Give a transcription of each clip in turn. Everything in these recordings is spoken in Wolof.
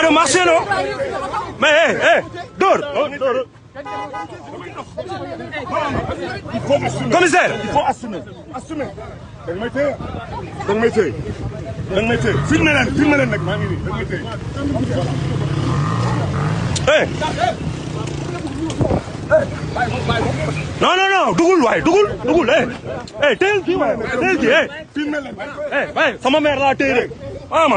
droit de marcher non mais eh eh dóor. commissaire. il faut assumer assumer. da nga may téye da nga may téye da nga may téye filmé leen filmé leen nag maa ngi nii da nga may téye. eh. non non non dugul waay dugul dugul eh. eh téyel kii waay téyel kii eh. filmé leen eh waay sama mère laa téye de ah ma.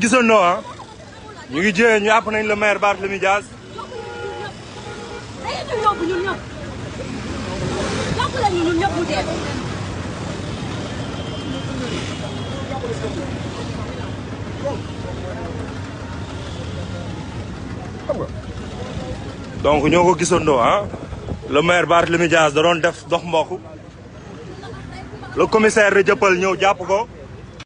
gisoon noo ah ñu ngi jiyee ñu àpp nañ le maire Barthélémy Dias donc ñoo ko gisandoo ah le maire Barthélémy Dias da doon def dox mbokk le commissaire de Jëppal ñëw jàpp ko